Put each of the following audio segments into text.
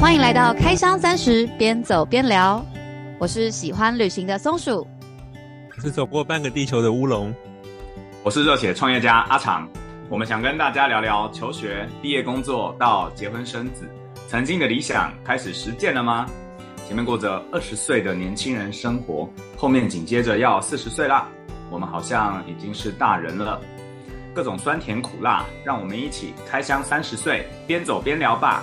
歡迎來到開箱三十，邊走邊聊。我是喜歡旅行的松鼠，是走過半個地球的烏龍，我是熱血創業家阿長。我們想跟大家聊聊求學、畢業、工作到結婚生子，曾經的理想開始實踐了嗎？前面過着二十歲的年輕人生活，後面緊接着要四十歲啦。我們好像已經是大人了，各種酸甜苦辣，讓我們一起開箱三十歲，邊走邊聊吧。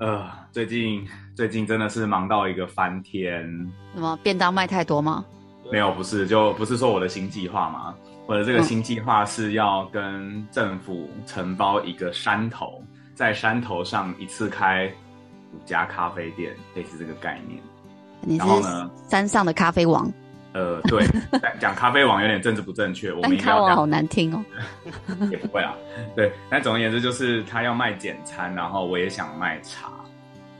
呃，最近最近真的是忙到一個翻天。什麼，便當賣太多嗎？沒有，不是，就不是說我的新計劃嗎？我的這個新計劃是要跟政府承包一個山頭、嗯，在山頭上一次開五家咖啡店，類似這個概念。你是然後呢？山上的咖啡王。呃，對，講咖啡網有點政治不正確。 我們咖啡網好難聽哦， 也不會啊。對，但總而言之就是他要賣簡餐，然後我也想賣茶，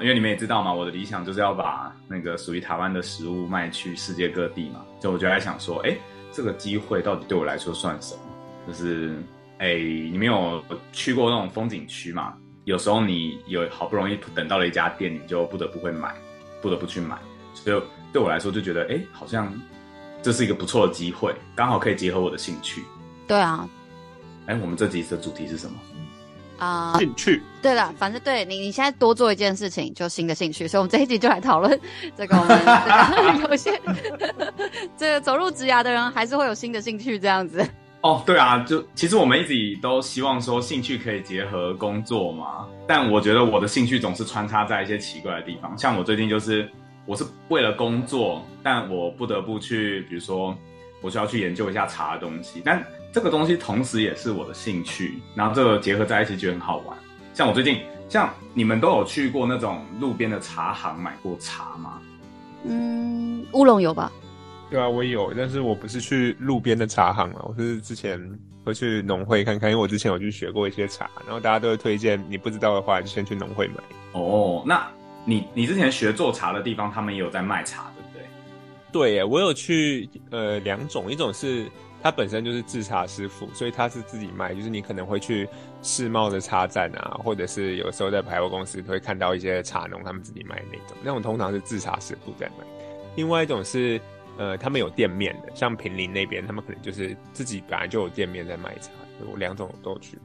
因為你們也知道嘛，我的理想就是要把那個屬於台灣的食物賣去世界各地嘛。就我就在想說，哎、欸，這個機會到底對我來說算什麼？就是，哎、欸，你沒有去過那種風景區嘛？有時候你有好不容易等到了一家店，你就不得不會買，不得不去買。所以對我來說就覺得，哎、欸，好像。這是一個不錯的機會，剛好可以結合我的興趣。對啊，哎、欸，我們這集的主題是什麼？啊、uh,，興趣。對了，反正對你，你現在多做一件事情，就新的興趣。所以，我們這一集就來討論這個我們、這個、 有些 這個走入職涯的人還是會有新的興趣這樣子。哦、oh,，對啊，就其實我們一直都希望說興趣可以結合工作嘛，但我覺得我的興趣總是穿插在一些奇怪的地方，像我最近就是。我是為了工作，但我不得不去，比如說，我需要去研究一下茶的東西。但這個東西同時也是我的興趣，然後這個結合在一起，就很好玩。像我最近，像你們都有去過那種路邊的茶行買過茶嗎？嗯，烏龍有吧？對啊，我有，但是我不是去路邊的茶行了，我是之前會去農會看看，因為我之前有去學過一些茶，然後大家都會推薦，你不知道的話，就先去農會買。哦，那。你你之前學做茶的地方，他們也有在賣茶，對不對？對耶，我有去，呃，兩種，一種是他本身就是製茶師傅，所以他是自己賣，就是你可能會去世貿的茶站啊，或者是有時候在百貨公司會看到一些茶農他們自己賣的那種，那種通常是製茶師傅在賣。另外一種是，呃，他們有店面的，像平林那邊，他們可能就是自己本來就有店面在賣茶，我兩種我都有去過。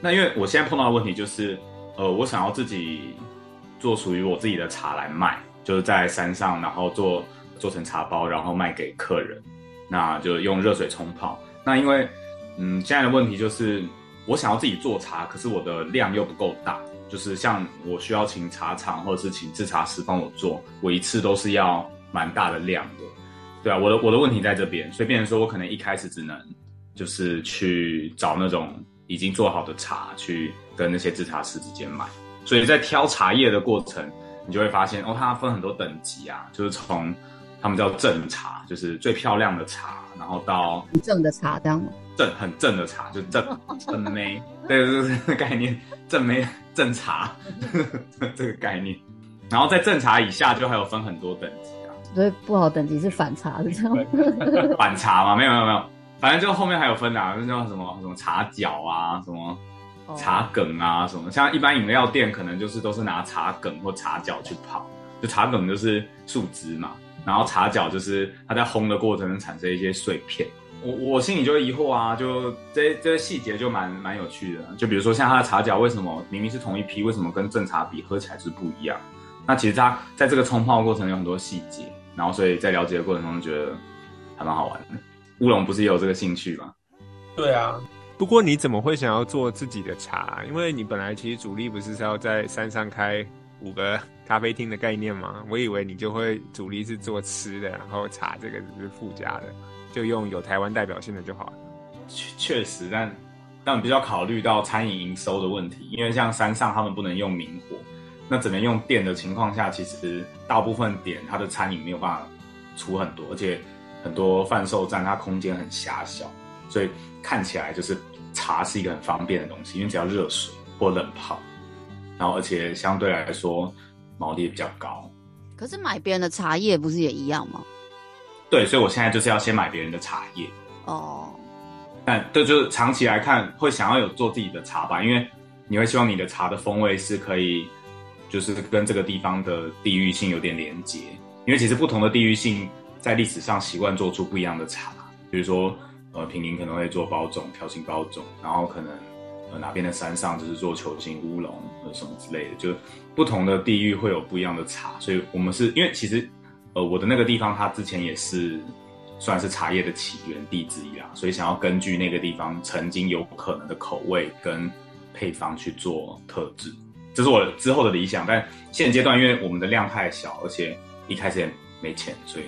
那因為我現在碰到的問題就是，呃，我想要自己。做屬於我自己的茶來賣，就是在山上，然後做做成茶包，然後賣給客人，那就用熱水沖泡。那因為，嗯，現在的問題就是，我想要自己做茶，可是我的量又不夠大。就是像我需要請茶廠或者是請制茶師幫我做，我一次都是要蠻大的量的。對啊，我的我的問題在這邊，所以變成說我可能一開始只能，就是去找那種已經做好的茶去跟那些制茶師之間買。所以在挑茶葉的過程，你就會發現哦，它分很多等級啊，就是從他們叫正茶，就是最漂亮的茶，然後到正的茶這樣嗎？正很正的茶，就正正妹， 對，就是概念正妹正茶 這個概念。然後在正茶以下就還有分很多等級啊。所以不好等級是反茶的這樣嗎 ？反茶嗎？沒有沒有沒有，反正就後面還有分啊，那叫什麼什麼茶角啊什麼。茶梗啊什麼，像一般飲料店可能就是都是拿茶梗或茶角去泡，就茶梗就是樹枝嘛，然後茶角就是它在烘的過程中產生一些碎片。我我心裡就疑惑啊，就這這些細節就蠻蠻有趣的啊。就比如說像它的茶角為什麼明明是同一批，為什麼跟正茶比喝起來是不一樣？那其實它在這個沖泡過程中有很多細節，然後所以在了解的過程中覺得還蠻好玩的。烏龍不是也有這個興趣嗎？對啊。不過你怎麼會想要做自己的茶？因為你本來其實主力不是是要在山上開五個咖啡廳的概念嗎？我以為你就會主力是做吃的，然後茶這個只是附加的，就用有台灣代表性的就好了。確確實，但但比較考慮到餐飲營收的問題，因為像山上他們不能用明火，那只能用電的情況下，其實大部分點它的餐飲沒有辦法出很多，而且很多販售站它空間很狹小。所以看起來就是茶是一個很方便的東西，因為只要熱水或冷泡，然後而且相對來說毛利也比較高。可是買別人的茶葉不是也一樣嗎？對，所以我現在就是要先買別人的茶葉。哦、oh，但這就是長期來看會想要有做自己的茶吧，因為你會希望你的茶的風味是可以，就是跟這個地方的地域性有點連接，因為其實不同的地域性在歷史上習慣做出不一樣的茶，比如說。呃，坪林可能會做包種、條形包種，然後可能呃哪邊的山上就是做球形烏龍，或者什麼之類的，就不同的地域會有不一樣的茶，所以我們是因為其實呃我的那個地方它之前也是算是茶葉的起源地之一啦，所以想要根據那個地方曾經有可能的口味跟配方去做特製，這是我之後的理想，但現階段因為我們的量太小，而且一開始也沒錢，所以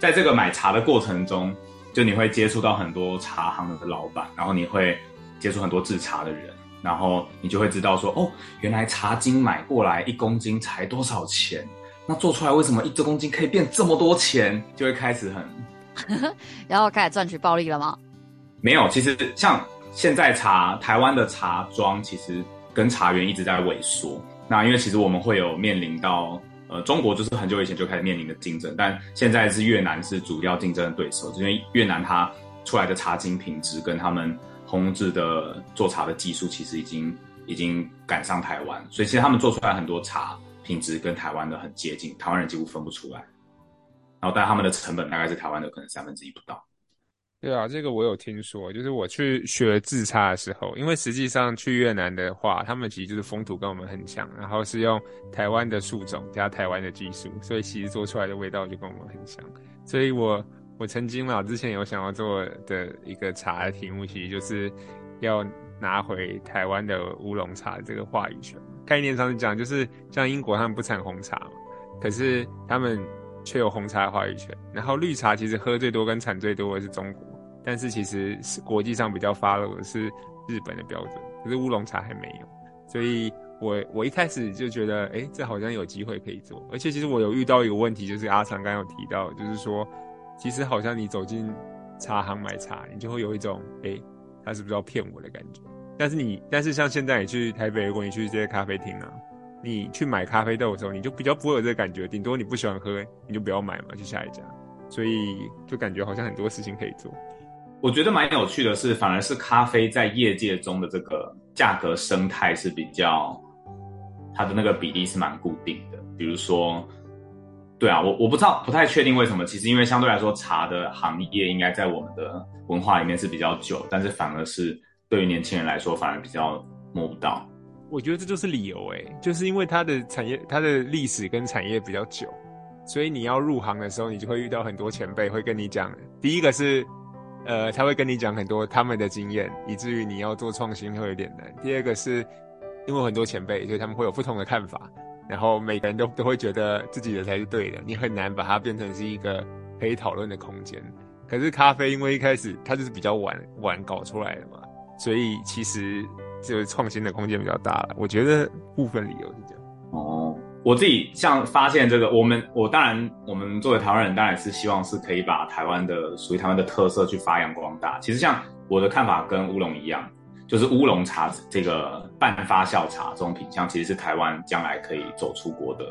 在這個買茶的過程中。就你會接觸到很多茶行的老闆，然後你會接觸很多製茶的人，然後你就會知道說，哦，原來茶菁買過來一公斤才多少錢，那做出來為什麼一隻公斤可以變這麼多錢？就會開始很， 然後開始賺取暴利了嗎？沒有，其實像現在茶，台灣的茶莊其實跟茶園一直在萎縮，那因為其實我們會有面臨到。呃，中國就是很久以前就開始面臨的競爭，但現在是越南是主要競爭的對手，就是，因為越南它出來的茶菁品質跟他們烘製的做茶的技術，其實已經已經趕上台灣，所以其實他們做出來很多茶品質跟台灣的很接近，台灣人幾乎分不出來。然後，但他們的成本大概是台灣的可能三分之一不到。對啊，這個我有聽說，就是我去學製茶的時候，因為實際上去越南的話，他們其實就是風土跟我們很像，然後是用台灣的樹種加台灣的技術，所以其實做出來的味道就跟我們很像。所以我我曾經嘛，之前有想要做的一個茶的題目，其實就是要拿回台灣的烏龍茶這個話語權。概念上是講，就是像英國他們不產紅茶嘛，可是他們卻有紅茶的話語權。然後綠茶其實喝最多跟產最多的是中國。但是其實是國際上比較發達的是日本的標準，可是烏龍茶還沒有，所以我我一開始就覺得，誒、欸，這好像有機會可以做。而且其實我有遇到一個問題，就是阿長剛剛有提到，就是說，其實好像你走進茶行買茶，你就會有一種，誒、欸，他是不是要騙我的感覺。但是你，但是像現在你去台北，如果你去這些咖啡廳啊，你去買咖啡豆的時候，你就比較不會有這個感覺，頂多你不喜歡喝，你就不要買嘛，去下一家。所以就感覺好像很多事情可以做。我覺得蠻有趣的是，反而是咖啡在業界中的這個價格生態是比較，它的那個比例是蠻固定的。比如說，對啊，我我不知道，不太確定為什麼。其實因為相對來說，茶的行業應該在我們的文化裡面是比較久，但是反而是對於年輕人來說，反而比較摸不到。我覺得這就是理由誒、欸，就是因為它的產業、它的歷史跟產業比較久，所以你要入行的時候，你就會遇到很多前輩會跟你講，第一個是。呃，他會跟你講很多他們的經驗，以至於你要做創新會有點難。第二個是，因為很多前輩，所以他們會有不同的看法，然後每個人都都會覺得自己的才是對的，你很難把它變成是一個可以討論的空間。可是咖啡因為一開始它就是比較晚晚搞出來的嘛，所以其實就是創新的空間比較大了。我覺得部分理由是這樣。哦。我自己像發現這個，我們我當然，我們作為台灣人，當然是希望是可以把台灣的屬於台灣的特色去發揚光大。其實像我的看法跟烏龍一樣，就是烏龍茶這個半發酵茶這種品相，其實是台灣將來可以走出國的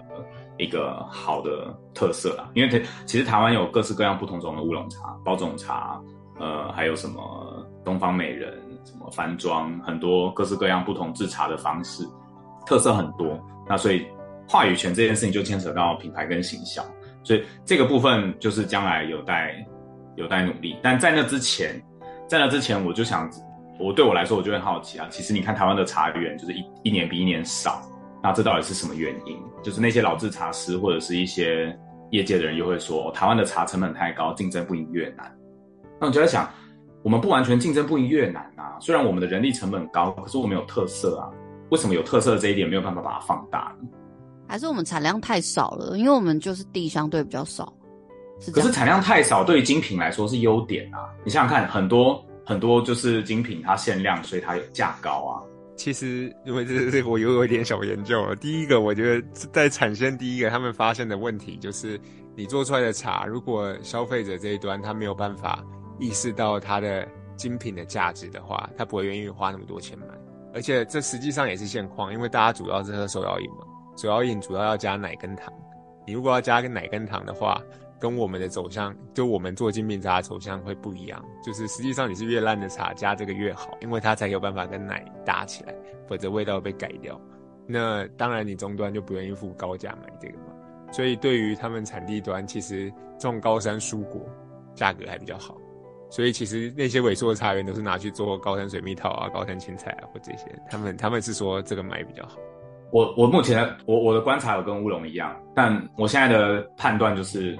一個好的特色啦。因為其實台灣有各式各樣不同種的烏龍茶，包種茶，呃，還有什麼東方美人，什麼番莊，很多各式各樣不同制茶的方式，特色很多。那所以。話語權這件事情就牽扯到品牌跟形象，所以這個部分就是將來有待有待努力。但在那之前，在那之前，我就想，我對我來說，我就很好奇啊。其實你看，台灣的茶園就是一一年比一年少，那這到底是什麼原因？就是那些老製茶師或者是一些業界的人又會說，哦，台灣的茶成本太高，競爭不贏越南。那我就在想，我們不完全競爭不贏越南啊，雖然我們的人力成本高，可是我們有特色啊，為什麼有特色的這一點沒有辦法把它放大呢？還是我們產量太少了，因為我們就是地相對比較少是。可是產量太少對於精品來說是優點啊！你想想看，很多很多就是精品，它限量，所以它有價高啊。其實因為這這我有有一點小研究啊。 第一個，我覺得在產生第一個他們發現的問題就是，你做出來的茶，如果消費者這一端他沒有辦法意識到它的精品的價值的話，他不會願意花那麼多錢買。而且這實際上也是現況，因為大家主要是喝手搖飲嘛。主要因主要要加奶跟糖，你如果要加個奶跟糖的話，跟我們的走向，就我們做精品茶的走向會不一樣。就是實際上你是越爛的茶，加這個越好，因為它才有辦法跟奶搭起來，否則味道被改掉。那當然你終端就不願意付高價買這個嘛。所以對於他們產地端，其實種高山蔬果價格還比較好。所以其實那些萎縮的茶園都是拿去做高山水蜜桃啊、高山青菜啊或這些，他們他們是說這個買比較好。我我目前我我的觀察有跟烏龍一樣，但我現在的判斷就是，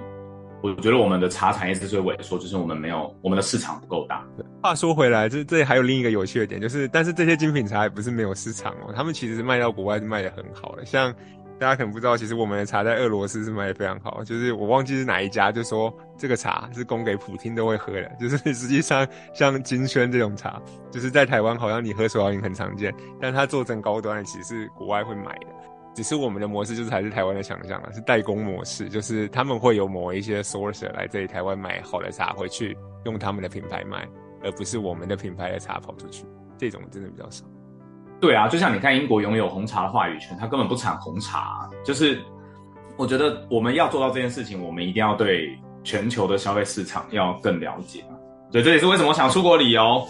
我覺得我們的茶產業是最萎縮，就是我們沒有我們的市場不夠大。話說回來，這這還有另一個有趣的點，就是但是這些精品茶也不是沒有市場哦，他們其實賣到國外是賣得很好的，像。大家可能不知道，其實我們的茶在俄羅斯是賣的非常好。就是我忘記是哪一家，就說這個茶是供給普丁都會喝的。就是實際上像金萱這種茶，就是在台灣好像你喝手搖飲很常見，但它做成高端，其實是國外會買的。只是我們的模式就是還是台灣的想象了，是代工模式，就是他們會有某一些 source 來這裡台灣買好的茶回去用他們的品牌賣，而不是我們的品牌的茶跑出去。這種真的比較少。對啊，就像你看，英國擁有紅茶的話語權，它根本不產紅茶、啊。就是我覺得我們要做到這件事情，我們一定要對全球的消費市場要更了解嘛。所以這也是為什麼我想出國旅遊、哦、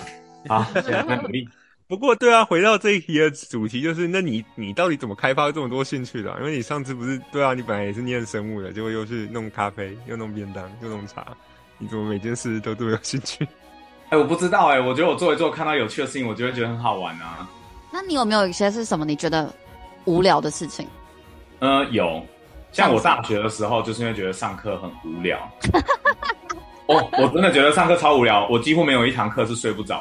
啊， 在、那、努、個、力。 不過對啊，回到這一題的主題，就是那你你到底怎麼開發這麼多興趣的、啊？因為你上次不是對啊，你本來也是念生物的，結果又去弄咖啡，又弄便當，又弄茶，你怎麼每件事都這麼有興趣？哎、 欸，我不知道哎、欸，我覺得我做一做，看到有趣的事情，我就會覺得很好玩啊。那你有沒有一些是什麼你覺得無聊的事情？嗯，有，像我大學的時候，就是因為覺得上課很無聊。哦、 oh，我真的覺得上課超無聊，我幾乎沒有一堂課是睡不着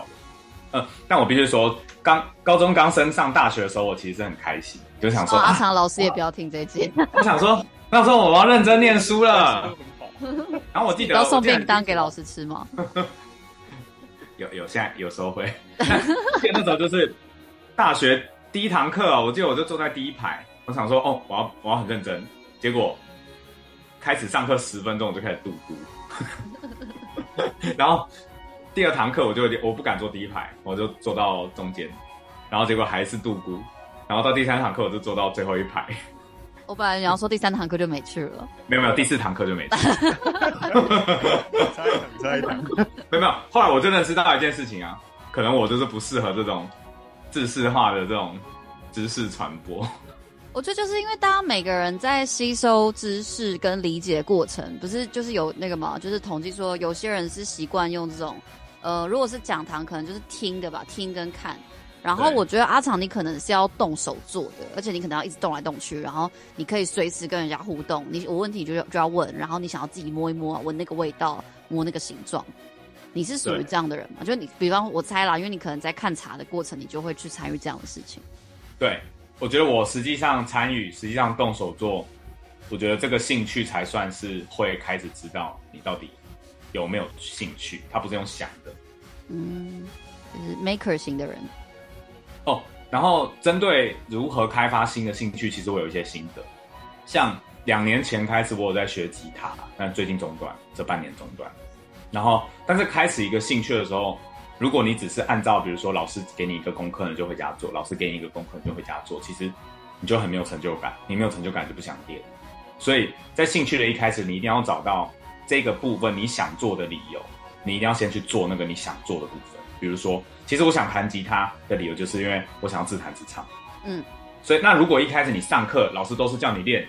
的、嗯。但我必須說，剛高中剛升上大學的時候，我其實是很開心，就想說：“阿、哦、長、啊啊啊、老師也不要聽這一集。”我想說，那時候我要認真念書了。 然後我記得都送便當給老師吃嗎？ 有有，現在有時候會。 那時候就是。大學第一堂課啊，我記得我就坐在第一排，我想說哦，我要我要很認真。結果開始上課十分鐘我就開始度咕， 然後第二堂課我就我不敢坐第一排，我就坐到中間，然後結果還是度咕，然後到第三堂課我就坐到最後一排。我、 哦、本來想要說第三堂課就沒去了，沒有沒有，第四堂課就沒去。 差一堂，差一堂。 沒有沒有，後來我真的知道一件事情啊，可能我就是不適合這種，知識化的這種知識傳播，我覺得就是因為大家每個人在吸收知識跟理解的過程，不是就是有那個嘛，就是統計說有些人是習慣用這種，呃，如果是講堂，可能就是聽的吧，聽跟看。然後我覺得阿長你可能是要動手做的，而且你可能要一直動來動去，然後你可以隨時跟人家互動。你有問題就就要問，然後你想要自己摸一摸，聞那個味道，摸那個形狀。你是屬於這樣的人嗎？就你，比方我猜啦，因為你可能在看茶的過程，你就會去參與這樣的事情。對，我覺得我實際上參與，實際上動手做，我覺得這個興趣才算是會開始知道你到底有沒有興趣。它不是用想的，嗯，就是 maker 型的人。哦，然後針對如何開發新的興趣，其實我有一些心得。像兩年前開始，我在學吉他，但最近中斷，這半年中斷。然後，但是開始一個興趣的時候，如果你只是按照比如說，老師給你一個功課你就回家做，老師給你一個功課你就回家做，其實你就很沒有成就感，你沒有成就感就不想練。所以在興趣的一開始，你一定要找到這個部分你想做的理由，你一定要先去做那個你想做的部分。比如說，其實我想彈吉他的理由就是因為我想要自彈自唱。嗯，所以那如果一開始你上課老師都是叫你練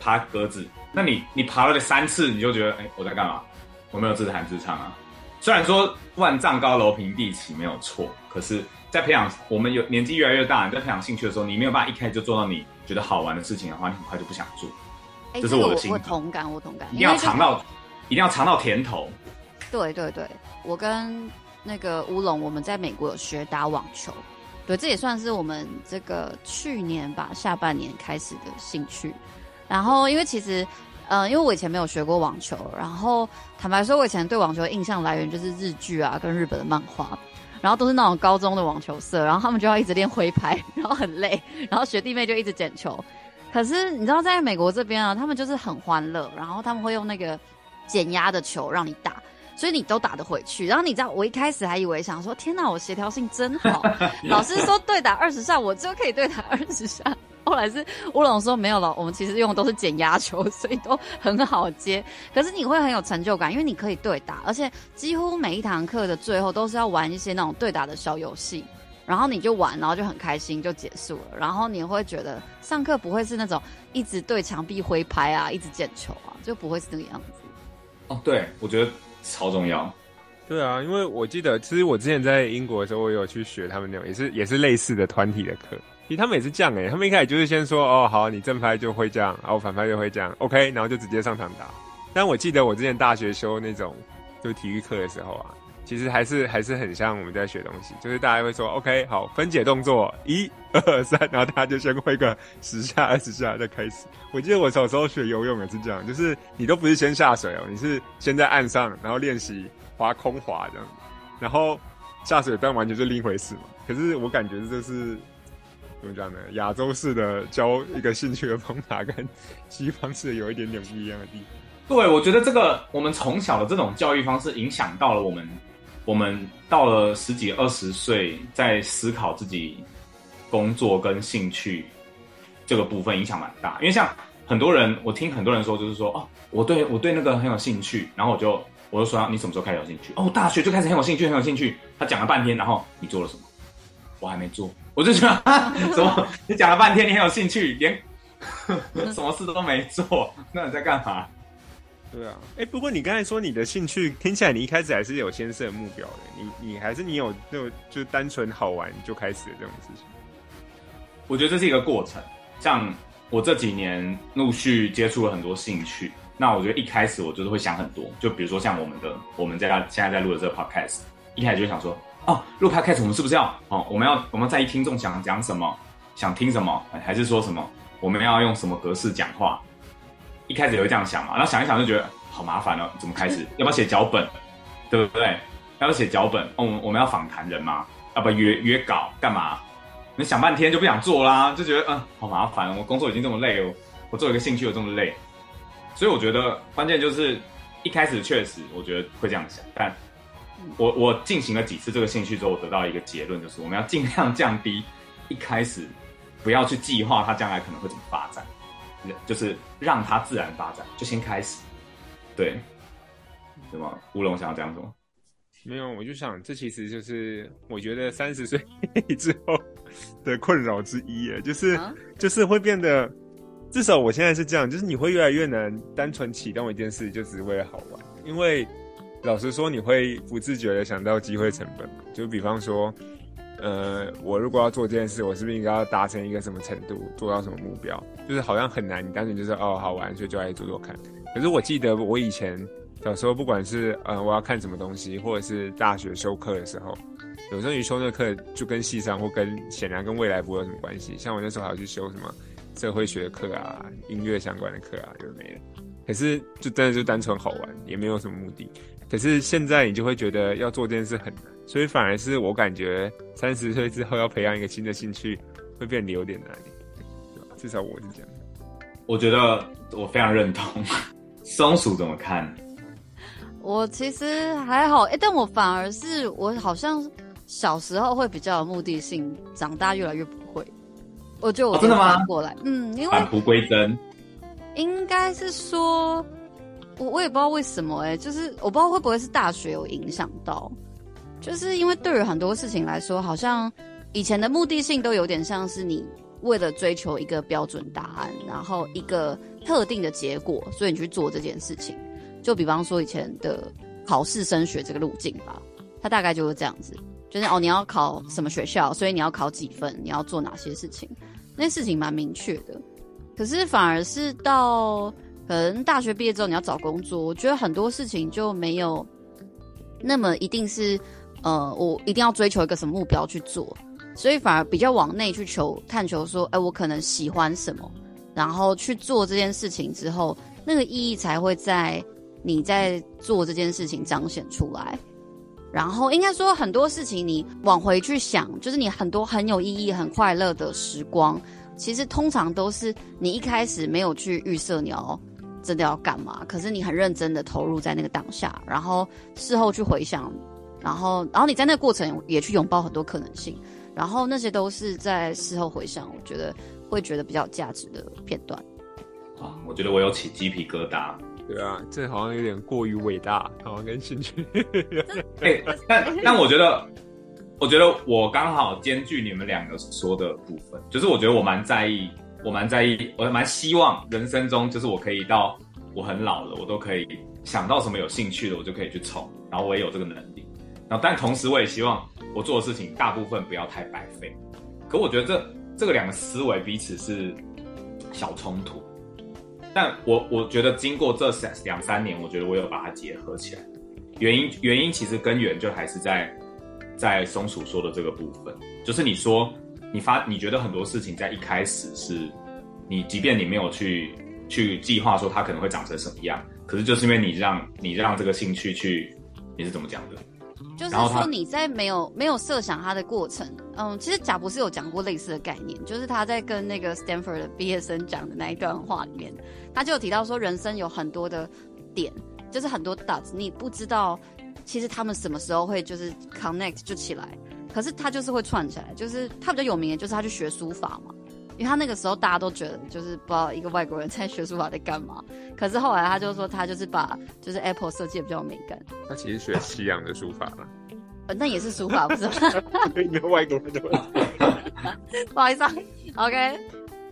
爬格子，那你你爬了個三次，你就覺得哎，我在幹嘛？我沒有自彈自唱啊，雖然說萬丈高樓平地起沒有錯，可是，在培養我們有年紀越來越大，你在培養興趣的時候，你沒有辦法一開始就做到你覺得好玩的事情的話，你很快就不想做。欸、這是我的心、這個、我，我同感，我同感。一定要嚐到，一定要嚐到甜頭。對對對，我跟那個烏龍，我們在美國有學打網球，對，這也算是我們這個去年吧，下半年開始的興趣。然後，因為其實。嗯，因為我以前沒有學過網球，然後坦白說，我以前對網球的印象來源就是日劇啊，跟日本的漫畫，然後都是那種高中的網球社，然後他們就要一直練揮拍，然後很累，然後學弟妹就一直撿球。可是你知道，在美國這邊啊，他們就是很歡樂，然後他們會用那個減壓的球讓你打，所以你都打得回去。然後你知道，我一開始還以為想說，天哪，我協調性真好，老師說對打二十下，我就可以對打二十下。後來是烏龍說沒有了，我們其實用的都是減壓球，所以都很好接。可是你會很有成就感，因為你可以對打，而且幾乎每一堂課的最後都是要玩一些那種對打的小遊戲，然後你就玩，然後就很開心就結束了。然後你會覺得上課不會是那種一直對牆壁揮拍啊，一直撿球啊，就不會是那個樣子。哦，對，我覺得超重要。對啊，因為我記得其實我之前在英國的時候，我有去學他們那種也是也是類似的團體的課。其實他們也是這樣誒、欸、他們一開始就是先說哦，好，你正拍就會這樣，然、哦、後反拍就會這樣，OK，然後就直接上場打。但我記得我之前大學修那種就體育課的時候啊，其實還是還是很像我們在學東西，就是大家會說 OK，好，分解動作，一二三，然後大家就先揮個十下二十下再開始。我記得我小時候學游泳也是這樣，就是你都不是先下水哦、喔，你是先在岸上然後練習滑空滑這樣然後下水，但完全是另一回事嘛。可是我感覺這、就是。怎麼講呢？亞洲式的教一個興趣的方法跟西方式有一點點不一樣的地方。對，我覺得這個我們從小的這種教育方式影響到了我們，我們到了十幾二十歲在思考自己工作跟興趣這個部分影響蠻大。因為像很多人，我聽很多人說，就是說哦，我對我對那個很有興趣，然後我就我就說，啊，你什麼時候開始有興趣？哦，大學就開始很有興趣，很有興趣。他講了半天，然後你做了什麼？我還沒做。我就覺得，怎、啊、麼你講了半天，你很有興趣，連什麼事都沒做，那你在幹嘛？對啊，哎、欸，不過你剛才說你的興趣聽起來，你一開始還是有先設目標的，你你還是你有就、那個、就單純好玩就開始的這種事情。我覺得這是一個過程，像我這幾年陸續接觸了很多興趣，那我覺得一開始我就是會想很多，就比如說像我們的我們在他現在在錄的這個 podcast，一開始就想說。哦，錄拍開始，我們是不是要哦？我們要，我們在意聽眾想講什麼，想聽什麼，還是說什麼？我們要用什麼格式講話？一開始也會這樣想嘛？然後想一想就覺得好麻煩了，怎麼開始？要不要寫腳本？對不對？要不要寫腳本？哦，我們我們要訪談人嘛，要不要約約稿？幹嘛？你想半天就不想做啦，就覺得嗯、呃，好麻煩。我工作已經這麼累哦，我做一個興趣又這麼累？所以我覺得關鍵就是一開始確實，我覺得會這樣想，但。我我進行了幾次這個興趣之後，我得到一個結論，就是我們要儘量降低，一開始不要去計劃它將來可能會怎麼發展，就是讓它自然發展，就先開始。對，什麼烏龍想要這樣做？沒有，我就想，這其實就是我覺得三十歲之後的困擾之一，耶，就是就是會變得，至少我現在是這樣，就是你會越來越難單純啟動一件事，就只是為了好玩，因為。老實說，你會不自覺的想到機會成本，就比方說，呃，我如果要做這件事，我是不是應該要達成一個什麼程度，做到什麼目標？就是好像很難，你單純就是，哦，好玩，所以就來做做看。可是我記得我以前小時候，不管是呃我要看什麼東西，或者是大學修課的時候，有時候你修那課就跟系上或跟顯然、啊、跟未來不會有什麼關係，像我那時候還要去修什麼社會學課啊、音樂相關的課啊，就沒了。可是就真的就單純好玩，也沒有什麼目的。可是現在你就會覺得要做這件事很難，所以反而是我感覺三十歲之後要培養一個新的興趣會變得你有點難，至少我是這樣。我覺得我非常認同。松鼠怎麼看？我其實還好，哎、欸，但我反而是我好像小時候會比較有目的性，長大越來越不會。我就我、啊、真的嗎？過來，嗯，因為返璞歸真，應該是說。我我也不知道為什麼哎、欸，就是我不知道會不會是大學有影響到，就是因為對於很多事情來說，好像以前的目的性都有點像是你為了追求一個標準答案，然後一個特定的結果，所以你去做這件事情。就比方說以前的考試升學這個路徑吧，它大概就是這樣子，就是哦，你要考什麼學校，所以你要考幾分，你要做哪些事情，那些事情蠻明確的。可是反而是到，可能大學畢業之後你要找工作，我覺得很多事情就沒有那麼一定是，呃，我一定要追求一個什麼目標去做，所以反而比較往內去求探求，說，哎、欸，我可能喜歡什麼，然後去做這件事情之後，那個意義才會在你在做這件事情彰顯出來。然後應該說很多事情，你往回去想，就是你很多很有意義、很快樂的時光，其實通常都是你一開始沒有去預設你要。真的要幹嘛？可是你很認真的投入在那個當下，然後事後去回想，然後然後你在那個過程也去擁抱很多可能性，然後那些都是在事後回想，我覺得會覺得比較有價值的片段。啊，我覺得我有起雞皮疙瘩， 對啊，這好像有點過於偉大，好像跟興趣、 欸，但 但我覺得，我覺得我剛好兼具你們兩個說的部分，就是我覺得我蠻在意。我蠻在意，我蠻希望人生中，就是我可以到我很老了，我都可以想到什麼有興趣的，我就可以去衝，然後我也有這個能力。然後，但同時我也希望我做的事情大部分不要太白費。可我覺得這這個兩個思維彼此是小衝突，但我我覺得經過這三兩三年，我覺得我有把它結合起來。原因原因其實根源就還是在在松鼠說的這個部分，就是你說。你發你覺得很多事情在一開始是，你即便你沒有去去計劃說它可能會長成什麼樣，可是就是因為你讓你讓這個興趣去，你是怎麼講的？就是說你在沒有沒有設想它的過程，嗯，其實賈伯斯有講過類似的概念，就是他在跟那個 Stanford 的畢業生講的那一段話裡面，他就有提到說人生有很多的點，就是很多 dots，你不知道其實他們什麼時候會就是 connect 就起來。可是他就是會串起來，就是他比較有名的就是他去學書法嘛，因為他那個時候大家都覺得就是不知道一個外國人在學書法在幹嘛。可是後來他就說他就是把就是 Apple 設計的比較美感。他其實學西洋的書法嘛，反、嗯、正也是書法，不是。一 個 外，外國人， 不好意思、啊、，OK，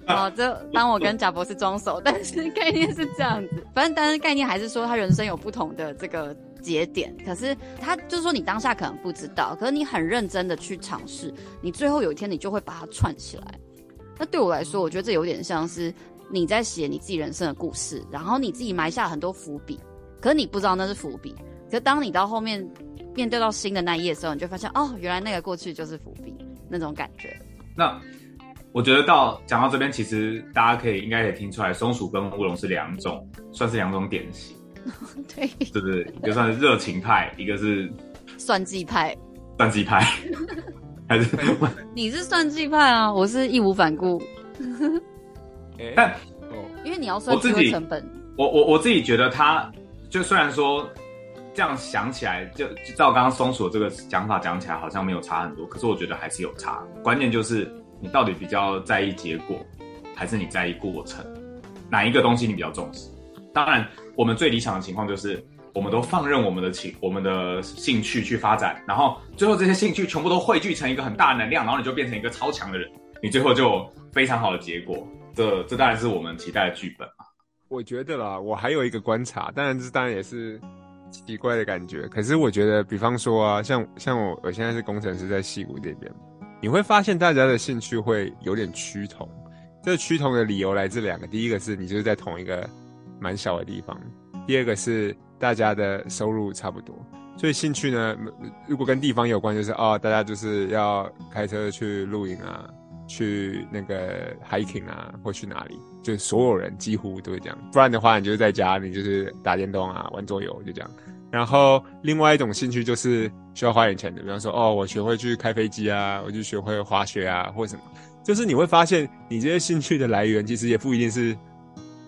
好、啊喔，就當我跟賈伯斯裝熟，但是概念是這樣子，反正但是概念還是說他人生有不同的這個。節點，可是他就是說，你當下可能不知道，可是你很認真的去嘗試，你最後有一天你就會把它串起來。那對我來說，我覺得這有點像是你在寫你自己人生的故事，然後你自己埋下很多伏筆，可是你不知道那是伏筆，可是當你到後面面對到新的那一頁的時候，你就發現哦，原來那個過去就是伏筆，那種感覺。那我覺得到講到這邊，其實大家可以應該也聽出來，松鼠跟烏龍是兩種，算是兩種典型。 對，就是一個算是熱情派，一個是算計派，算計派 還是對？ 你是算計派啊，我是義無反顧。 但、哦、因為你要算自己成本，我我我,我自己覺得他，他就雖然說這樣想起來，就就照剛剛松鼠這個講法講起來，好像沒有差很多，可是我覺得還是有差。關鍵就是你到底比較在意結果，還是你在意過程？哪一個東西你比較重視？當然，我們最理想的情況就是，我們都放任我們的興我們的興趣去發展，然後最後這些興趣全部都匯聚成一個很大的能量，然後你就變成一個超強的人，你最後就非常好的結果。這這當然是我們期待的劇本嘛。我覺得啦，我還有一個觀察，當然這當然也是奇怪的感覺，可是我覺得，比方說啊，像像我我現在是工程師在矽谷這邊，你會發現大家的興趣會有點趨同。這個趨同的理由來自兩個，第一個是你就是在同一個。蠻小的地方。第二個是大家的收入差不多，所以興趣呢，如果跟地方有關，就是哦，大家就是要開車去露營啊，去那個 hiking 啊，或去哪裡，就所有人幾乎都會這樣。不然的話，你就是在家，你就是打電動啊，玩桌遊，就這樣。然後另外一種興趣就是需要花點錢的，比方說哦，我學會去開飛機啊，我就學會滑雪啊，或什麼，就是你會發現你這些興趣的來源其實也不一定是。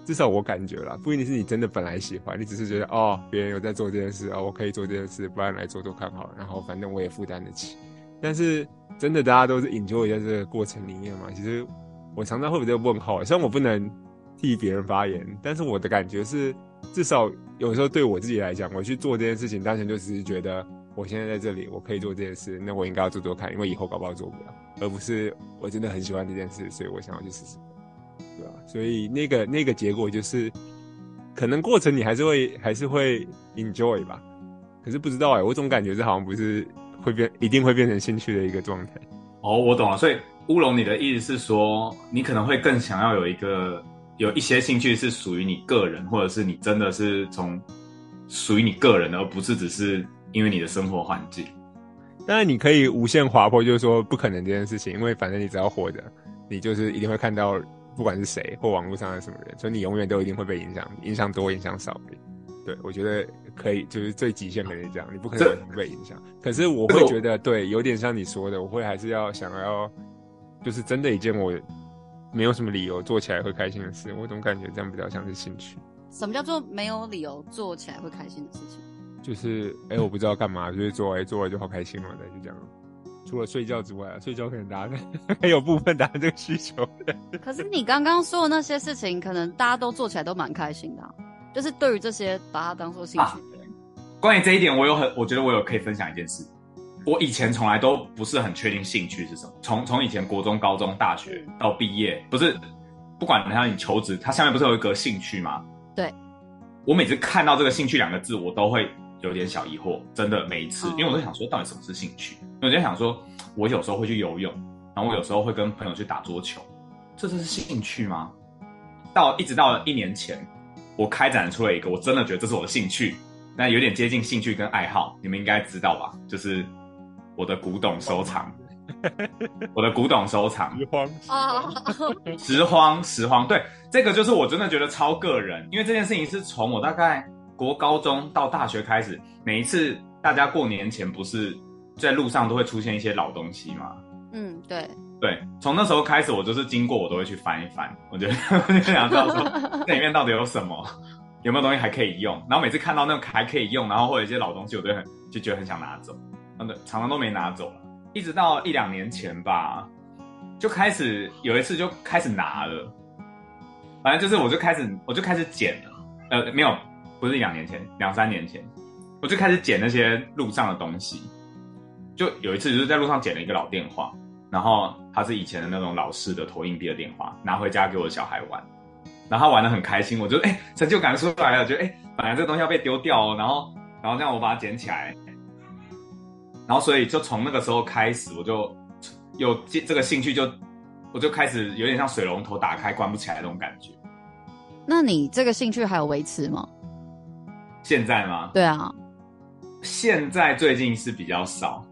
至少我感覺啦，不一定是你真的本來喜歡，你只是覺得哦，別人有在做這件事啊、哦，我可以做這件事，不然來做做看好了，然後反正我也負擔得起。但是真的，大家都是 enjoy 在這個過程裡面嘛。其實我常常會比較問號，雖然我不能替別人發言，但是我的感覺是，至少有時候對我自己來講，我去做這件事情，單純就只是覺得我現在在這裡，我可以做這件事，那我應該要做做看，因為以後搞不好做不了，而不是我真的很喜歡這件事，所以我想要去試試。所以那個那個結果就是，可能過程你還是會還是會 enjoy 吧，可是不知道哎、欸，我總感覺這好像不是會變，一定會變成興趣的一個狀態。哦，我懂了，所以烏龍，你的意思是說，你可能會更想要有一個有一些興趣是屬於你個人，或者是你真的是從屬於你個人，而不是只是因為你的生活環境。當然，你可以無限滑坡，就是說不可能這件事情，因為反正你只要活着，你就是一定會看到。不管是誰或網絡上的什麼人，所以你永遠都一定會被影響，影響多影響少，對，我覺得可以，就是最極限可以這樣，你不可能被影響。可是我會覺得、呃，對，有點像你說的，我會還是要想要，就是真的，一件我沒有什麼理由做起來會開心的事。我總感覺這樣比較像是興趣。什麼叫做沒有理由做起來會開心的事情？就是哎，我不知道幹嘛，就是做完做完就好開心嘛，那就這樣。除了睡覺之外，睡覺可能大家還有部分達成這個需求的。可是你剛剛說的那些事情，可能大家都做起來都蠻開心的啊。就是對於這些，把它當做興趣的人啊。關於這一點，我有很，我覺得我有可以分享一件事。我以前從來都不是很確定興趣是什麼。從從以前國中、高中、大學到畢業，不是不管他你求職，它下面不是有一個興趣嗎？對。我每次看到這個“興趣”兩個字，我都會有點小疑惑。真的，每一次，哦，因為我都想說，到底什麼是興趣？我就想說，我有時候會去游泳，然後我有時候會跟朋友去打桌球，這這是興趣嗎？到一直到了一年前，我開展出了一個我真的覺得這是我的興趣，但有點接近興趣跟愛好。你們應該知道吧？就是我的古董收藏，我的古董收藏，拾 荒，拾荒，拾荒。對，這個就是我真的覺得超個人，因為這件事情是從我大概國高中到大學開始，每一次大家過年前不是。在路上都會出現一些老東西嘛，嗯，對，對，從那時候開始，我就是經過我都會去翻一翻，我覺得我就想知道說 這裡面到底有什麼，有沒有東西還可以用。然後每次看到那種還可以用，然後或者一些老東西，我都很就覺得很想拿走，常常都沒拿走，一直到一兩年前吧，就開始有一次就開始拿了，反正就是我就開始我就開始撿了，呃，沒有，不是一兩年前，兩三年前，我就開始撿那些路上的東西。就有一次，就是在路上撿了一個老電話，然後他是以前的那種老式的投硬幣的電話，拿回家給我的小孩玩，然後他玩得很開心，我就哎、欸、成就感出來了，覺得哎、欸、本來這個東西要被丟掉哦，然後然後這樣我把它撿起來，然後所以就從那個時候開始我就有這這個興趣就，就我就開始有點像水龍頭打開關不起來那種感覺。那你這個興趣還有維持嗎？現在嗎？對啊，現在最近是比較少。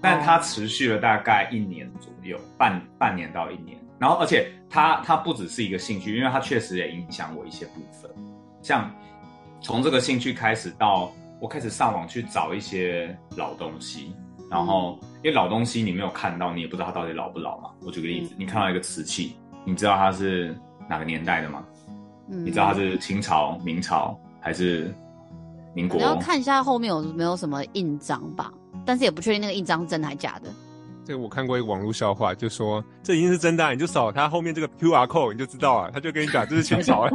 但它持續了大概一年左右，半、半年到一年，然後而且它、它不只是一個興趣，因為它確實也影響我一些部分，像從這個興趣開始到我開始上網去找一些老東西，然後、嗯、因為老東西你沒有看到，你也不知道它到底老不老嘛。我舉個例子、嗯，你看到一個瓷器，你知道它是哪個年代的嗎？嗯，你知道它是清朝、明朝還是民國？你要看一下後面有沒有什麼印章吧。但是也不確定那個印章是真的還是假的。這我看過一個網絡笑話，就說這一定是真的，啊，你就掃它後面這個 QR code，你就知道了，啊。他就跟你講這，就是清朝。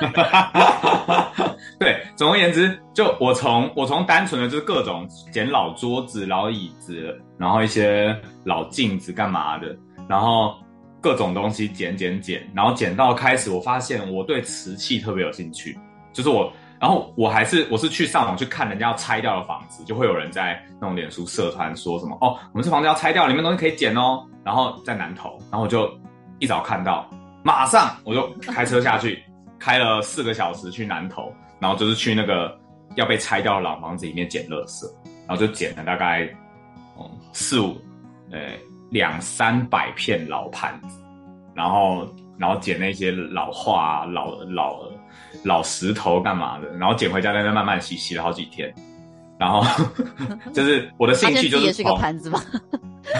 對，總而言之，就我從我從單純的，就是各種撿老桌子，老椅子，然後一些老鏡子幹嘛的，然後各種東西撿撿撿，然後撿到開始，我發現我對瓷器特別有興趣，就是我。然後我還是我是去上網去看人家要拆掉的房子，就會有人在那種臉書社團說什麼哦，我們這房子要拆掉，裡面東西可以撿哦。然後在南投，然後我就一早看到，馬上我就開車下去， 開了四個小時去南投，然後就是去那個要被拆掉的老房子裡面撿垃圾，然後就撿了大概哦、嗯、四五呃、哎、兩三百片老盤子。然後然後撿那些老化老、啊、老。老老石頭幹嘛的？然後撿回家，在那慢慢洗，洗了好幾天。然後就是我的興趣，就是就也是個盤子嗎？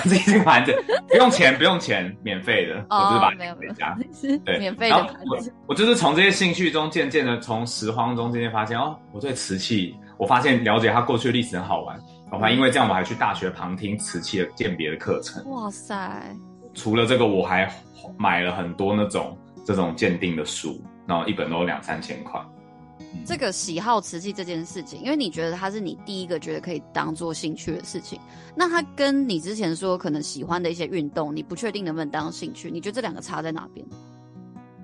這 個盤子，不用錢，不用錢，免費的，哦就是吧？沒有沒有，對，免費的盤子。然後我我就是從這些興趣中，漸漸的從拾荒中漸漸發現哦，我對瓷器，我發現了解它過去的歷史很好玩。嗯，我還因為這樣，我還去大學旁聽瓷器的鑑別的課程。哇塞！除了這個，我還買了很多那種這種鑑定的書。然後一本都有兩三千塊。嗯。這個喜好瓷器這件事情，因為你覺得它是你第一個覺得可以當做興趣的事情，那它跟你之前說可能喜歡的一些運動，你不確定能不能當興趣，你覺得這兩個差在哪邊？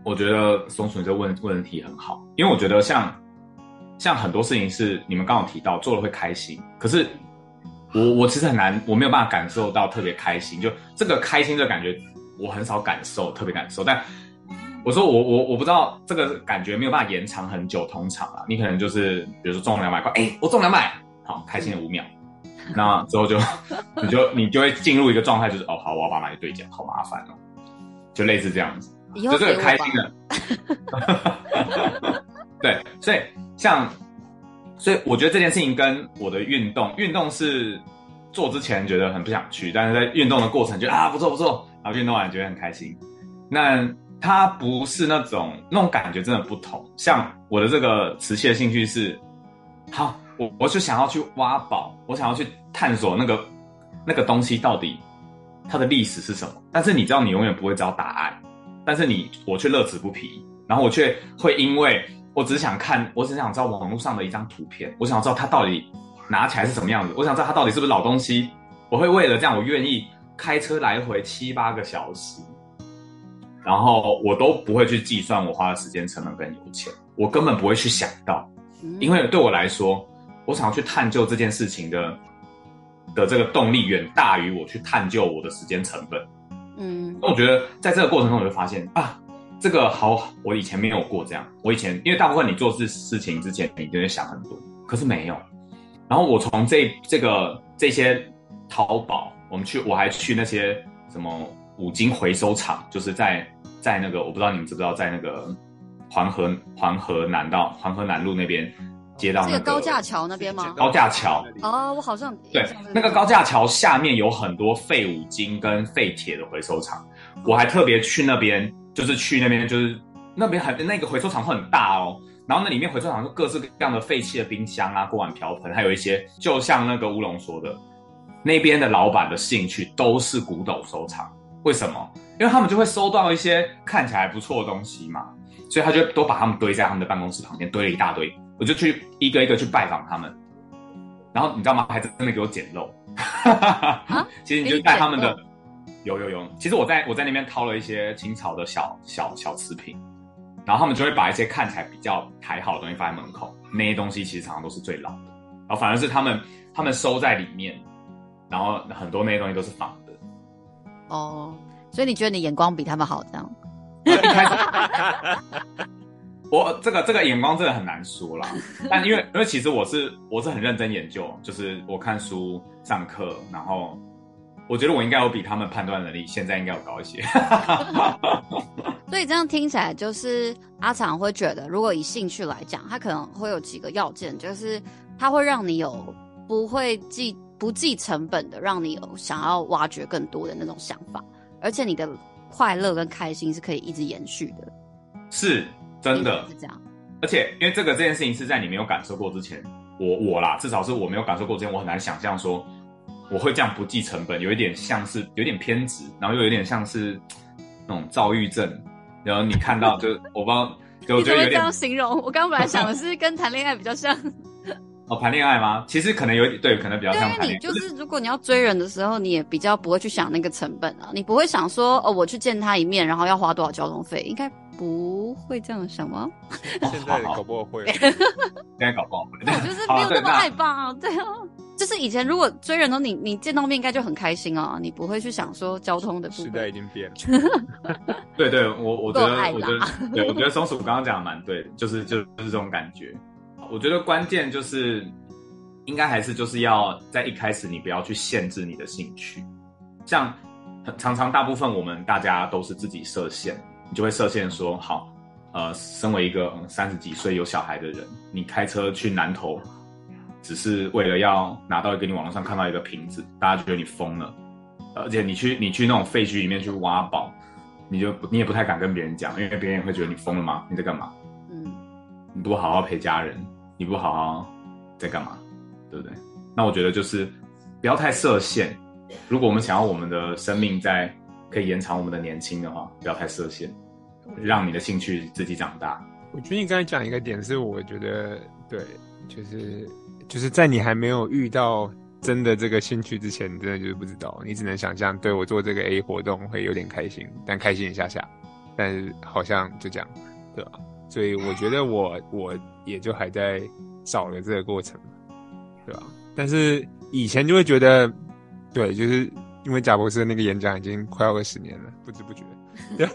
我覺得松鼠這問問題很好，因為我覺得像像很多事情是你們剛剛提到做了會開心，可是我我其實很難，我沒有辦法感受到特別開心，就這個開心的感覺，我很少感受，特別感受，但。我說我我我不知道這個感覺沒有辦法延長很久，通常啊，你可能就是比如說中了兩百塊，哎、欸，我中兩百，好開心了五秒、嗯，那之後就你就你就會進入一個狀態，就是哦，好，我要把你 o 對獎，好麻煩哦，就類似這樣子，就這個開心的， 對，所以像所以我覺得這件事情跟我的運動運動是做之前覺得很不想去，但是在運動的過程就啊不錯不錯，然後運動完覺得很開心，那。它不是那種那種感覺，真的不同。像我的這個瓷器的興趣是，好，我我就想要去挖寶，我想要去探索那個那個東西到底它的歷史是什麼。但是你知道，你永遠不會知道答案。但是你我卻樂此不疲，然後我卻會因為我只想看，我只想知道網絡上的一張圖片，我想知道它到底拿起來是什麼樣子，我想知道它到底是不是老東西。我會為了這樣，我願意開車來回七八個小時。然後我都不會去計算我花的時間成本跟油錢，我根本不會去想到，嗯，因為對我來說，我想要去探究這件事情的的這個動力遠大於我去探究我的時間成本。嗯，那我覺得在這個過程中，我就發現啊，這個好，我以前沒有過這樣。我以前因為大部分你做事事情之前，你都會想很多，可是沒有。然後我從這這個這些淘寶，我們去我還去那些什麼五金回收廠，就是在。在那個，我不知道你們知不知道，在那個環河環河南道環河南路那邊接到那個這個高架橋那邊嗎？高架橋哦，哦，我好像，像那對那個高架橋下面有很多廢五金跟廢鐵的回收廠，嗯。我還特別去那邊，就是去那邊，就是那邊很那個回收廠會很大哦。然後那裡面回收廠就各式各樣的廢棄的冰箱啊、鍋碗瓢盆，還有一些就像那個烏龍說的，那邊的老闆的興趣都是古董收藏，為什麼？因為他們就會收到一些看起來不錯的東西嘛，所以他就都把他們堆在他們的辦公室旁邊，堆了一大堆。我就去一個一個去拜訪他們，然後你知道嗎？還在那邊給我撿漏。其實你就帶他們的，有有有。其實我在我在那邊掏了一些清朝的小小小，小瓷瓶，然後他們就會把一些看起來比較還好的東西放在門口，那些東西其實常常都是最老的，然後反而是他們他們收在裡面，然後很多那些東西都是仿的。哦。所以你覺得你眼光比他們好這樣？ 我這個這個眼光真的很難說啦。但因為因為其實我是我是很認真研究，就是我看書、上課，然後我覺得我應該有比他們判斷能力，現在應該有高一些。 所以這樣聽起來，就是阿長會覺得，如果以興趣來講，他可能會有幾個要件，就是他會讓你有不會計不計成本的讓你有想要挖掘更多的那種想法。而且你的快樂跟開心是可以一直延續的，是，真的是這樣。而且因為這個這件事情是在你沒有感受過之前，我我啦，至少是我沒有感受過之前，我很難想象說我會這樣不計成本，有一點像是有點偏執，然後又有點像是那種躁鬱症。然後你看到就 我不知道，就我覺得你，怎麼這樣形容？我剛剛本來想的是跟談戀愛比較像。 哦，談戀愛嗎？其實可能有點對，可能比較像談戀愛。你就是如果你要追人的時候，就是，你也比較不會去想那個成本啊，你不會想說哦，我去見他一面，然後要花多少交通費？應該不會這樣想嗎？現在搞不好會了， 現在搞不好會。 我就是沒有那麼愛吧、啊啊，對啊，就是以前如果追人呢，你你見到面應該就很開心啊。你不會去想說交通的部分。時代已經變了。 對，對對，我我覺得我覺得，對我覺得松鼠剛剛講的蠻對的，就是就是這種感覺。我覺得關鍵就是，應該還是就是要在一開始你不要去限制你的興趣，像常常大部分我們大家都是自己設限，你就會設限說好，呃，身為一個三十幾歲有小孩的人，你開車去南投，只是為了要拿到一個你網絡上看到一個瓶子，大家覺得你瘋了，而且你去你去那種廢墟裡面去挖寶，你就你也不太敢跟別人講，因為別人會覺得你瘋了嗎？你在幹嘛？嗯，你不好好陪家人。你不好好在幹嘛，對不對？那我覺得就是不要太設限。如果我們想要我們的生命在可以延長我們的年輕的話，不要太設限，讓你的興趣自己長大。我覺得你剛才講一個點是，我覺得對，就是就是在你還沒有遇到真的這個興趣之前，你真的就是不知道，你只能想象。對我做這個 A 活動會有點開心，但開心一下下，但是好像就這樣，對吧？所以我覺得我我。也就還在找的這個過程嘛，對吧？但是以前就會覺得，對，就是因為賈伯斯的那個演講已經快要二十年了，不知不覺對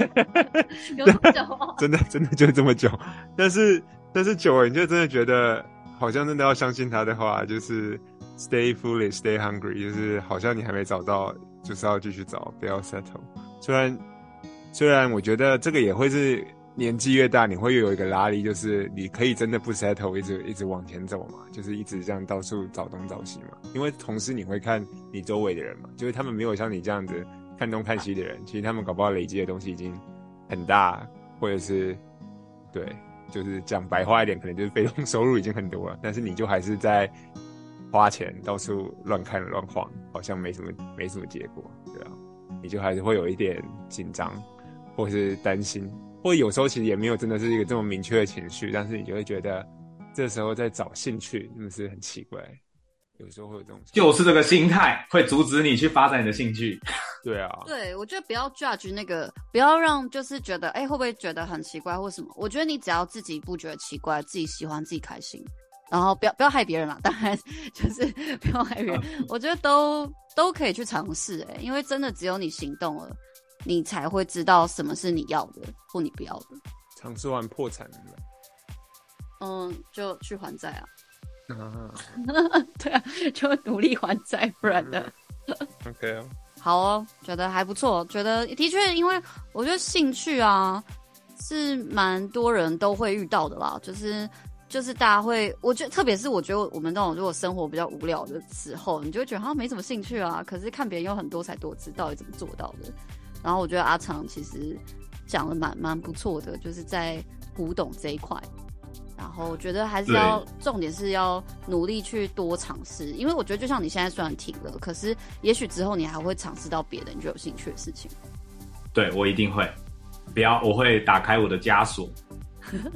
有這麼久哦，真的真的就這麼久。但是但是久了，了你就真的覺得好像真的要相信他的話，就是 stay foolish，stay hungry，就是好像你還沒找到，就是要繼續找，不要 settle。雖然雖然我覺得這個也會是。年紀越大，你會有一個拉力，就是你可以真的不 settle，一直一直往前走嘛，就是一直這樣到處找東找西嘛。因為同時你會看你周圍的人嘛，就是他們沒有像你這樣子看東看西的人，其實他們搞不好累積的東西已經很大，或者是對，就是講白話一點，可能就是被動收入已經很多了，但是你就還是在花錢到處亂看亂晃，好像沒什麼沒什麼結果，對吧？你就還是會有一點緊張或是擔心。或有時候其實也沒有真的是一個這麼明確的情緒，但是你就會覺得這時候在找興趣，真的是很奇怪。有時候會有這種就是這個心態會阻止你去發展你的興趣。對啊，對，我覺得不要 judge 那個，不要讓就是覺得，哎、欸，會不會覺得很奇怪或什麼？我覺得你只要自己不覺得奇怪，自己喜歡自己開心，然後不要不要害別人啦，當然就是不要害別人， 我覺得都都可以去嘗試，哎，因為真的只有你行動了。你才會知道什麼是你要的，或你不要的。嘗試完破產嗯，就去還債啊。啊 對啊，就努力還債，不然的。 OK。好哦，覺得還不錯，覺得的確，因為我覺得興趣啊，是蠻多人都會遇到的啦。就是就是大家會，我覺得特別是我覺得我們這種如果生活比較無聊的時候，你就覺得好像、啊、沒什麼興趣啊。可是看別人有很多才多藝，到底怎麼做到的？然後我覺得阿長其實講的蠻蠻不錯的，就是在古董這一塊。然後我覺得還是要重點是要努力去多嘗試，因為我覺得就像你現在雖然停了，可是也許之後你還會嘗試到別的你就有興趣的事情。對，我一定會不要，我會打開我的枷鎖，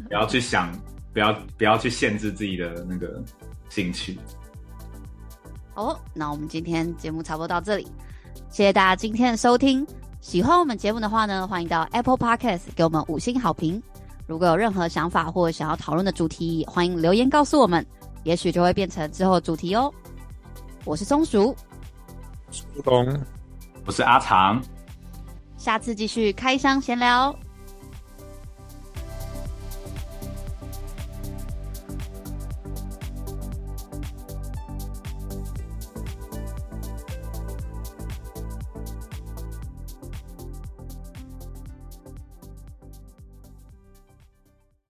不要去想， 不要不要去限制自己的那個興趣。 好，那我們今天節目差不多到這裡，謝謝大家今天的收聽。喜歡我們節目的話呢，歡迎到 Apple Podcast 給我們五星好評。如果有任何想法或想要討論的主題，歡迎留言告訴我們，也許就會變成之後的主題哦。我是松鼠，烏龍，我是阿長，下次繼續開箱閒聊。